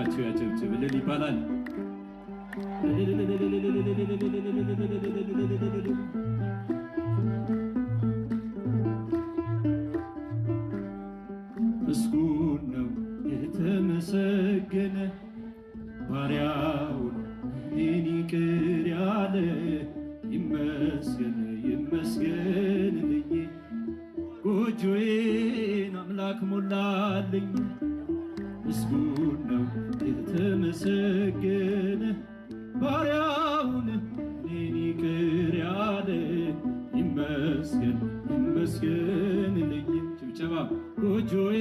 ለጌታቸው ያጨብጭብልን ይባላል። ምስጉን ነው የተመሰገነ ባሪያውን እኔን ይቅር ያለ ይመስገን ይመስገን ልኝ ጎጆዬን አምላክ ሞላልኝ ምስጉን ነው የተመሰገነ ባሪያውን እኔን ይቅር ያለ ይመስገን ይመስገንልኝ ጭብጨባ ጎጆዬ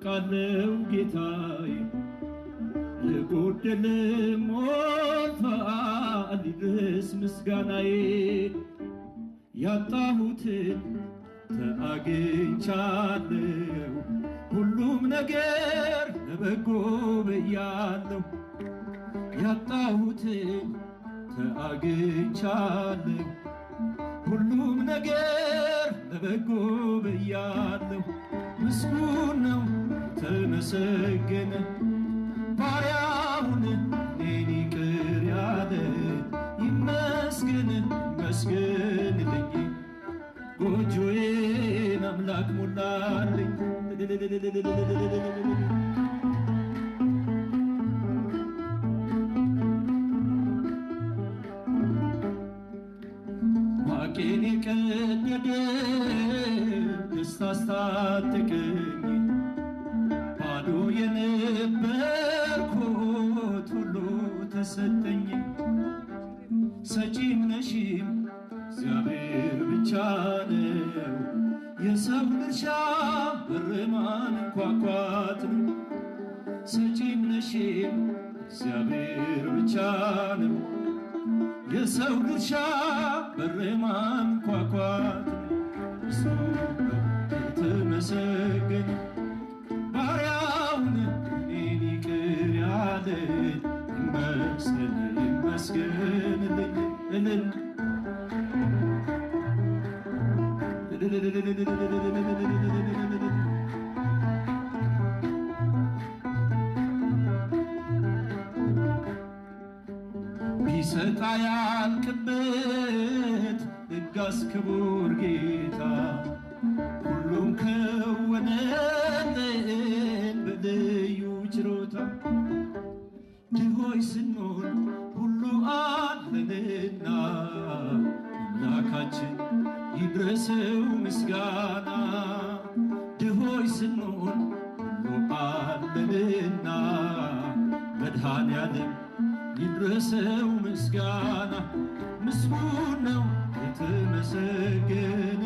አውቃለው ጌታዬ ለጎደለ ሞልቷል ይድረስ ምስጋናዬ ያጣሁትን ተአግኝቻለው ሁሉም ነገር ለበጎ ብያለው ያጣሁትን ተአግኝቻለው ሁሉም ነገር ለበጎ ብያለው ምስጉን ነው ተመሰገነ ባሪያውን እኔን ይቅር ያለ ይመስገን ይመስገንልኝ ጎጆዬን አምላክ ሞላልኝ ማቄን የቀደደ ደስታ አስታጠቀኝ የነበርኩት ሁሉ ተሰጠኝ። ሰጪም ነሺም እግዚአብሔር ብቻ ነው። የሰው ድርሻ በርማን ኳኳት ነው። ሰጪም ነሽም እግዚአብሔር ብቻ ነው። የሰው ድርሻ በርማን ኳኳት ነው። የተመሰገነ مسألة مسكنة ቢሰጣ ያልቅበት ሕግ አስከቡር ጌታ ሁሉም ከወነ ለልባችን ይድረሰው ምስጋና ድሆች ስንሆን ሎባለንና መድኃኔዓለም ይድረሰው ምስጋና ምስጉን ነው የተመሰገነ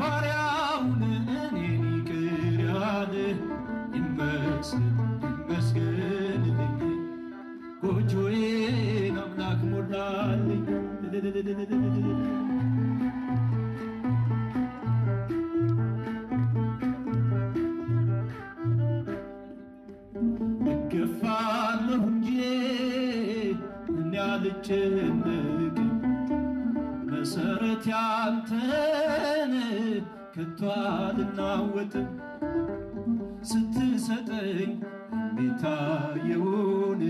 ባሪያውን እኔን ይቅር ያለ ይመስገን ይመስገንልኝ ጎጆዬን አምላክ ሞላልኝ እገፋለሁ እንጂ እኔ አልጨነቅም። መሰረት ያንተን ከቶ አልናወጥም። ስትሰጠኝ የታየውን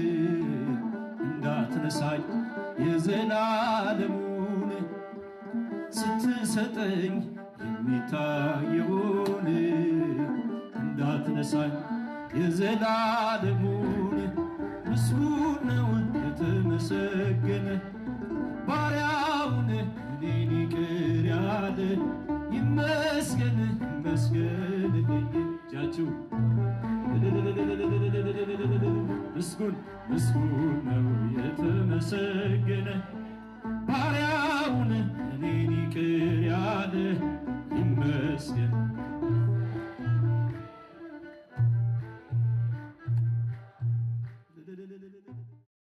እንዳትነሳኝ የዘላለሙን ስትሰጠኝ የሚታየውን እንዳትነሳኝ የዘላለሙን ምስሉን ነው የተመሰገነ ባሪያውን እኔን ይቅር ያለ ይመስገን ይመስገን እጃችሁ ምስጉን ምስጉን ነው የተመሰገነ ባሪያውን እኔን ይቅር ያለ ይመስገን